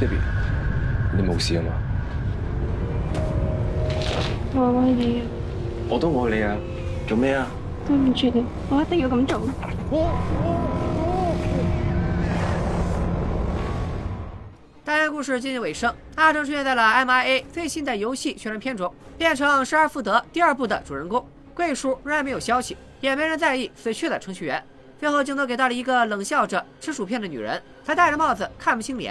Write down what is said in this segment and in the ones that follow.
Baby，你冇事啊嘛？我愛你，我都愛你啊！做咩啊？對唔住，我一定要咁做。大概故事接近尾聲，阿正出現在了 MIA 最新的遊戲宣傳片中，變成失而復得第二部的主人公。貴叔仍然沒有消息，也沒人在意死去的程序員。最後鏡頭給到了一個冷笑着吃薯片的女人，她戴着帽子，看不清臉。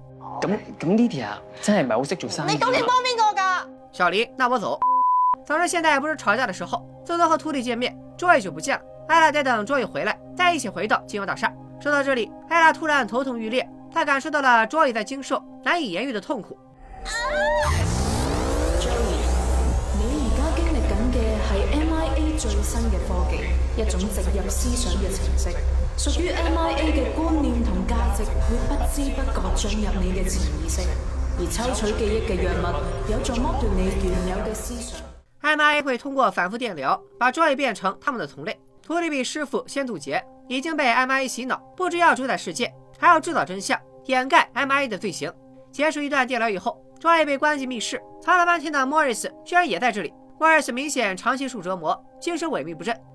咁咁呢啲啊，真係唔係好識做生意。你究竟幫邊個㗎，小黎，那我走。總之現在不是吵架的時候。澤澤和徒弟見面，Joey 就不見了。艾拉得等 Joey 回來，再一起回到金宵大廈。說到這裏，艾拉突然頭痛欲裂，她感受到了 Joey 在經受難以言喻的痛苦。啊 Joey，你屬於 M I A 嘅觀念同價值會不知不覺進入你嘅潛意識，而抽取記憶嘅藥物有助剝奪你原有嘅思想。M I A 會通過反覆電療，把 Joy 變成他們的同類。圖利比師傅先渡劫，已經被 M I A 洗腦，不知要主宰世界，還要知道真相，掩蓋 M I A 的罪行。結束一段電療以後，Joy 被關進密室，藏了半天的 Morris 居然也在這裏。Morris 明顯長期受折磨，精神萎靡不振。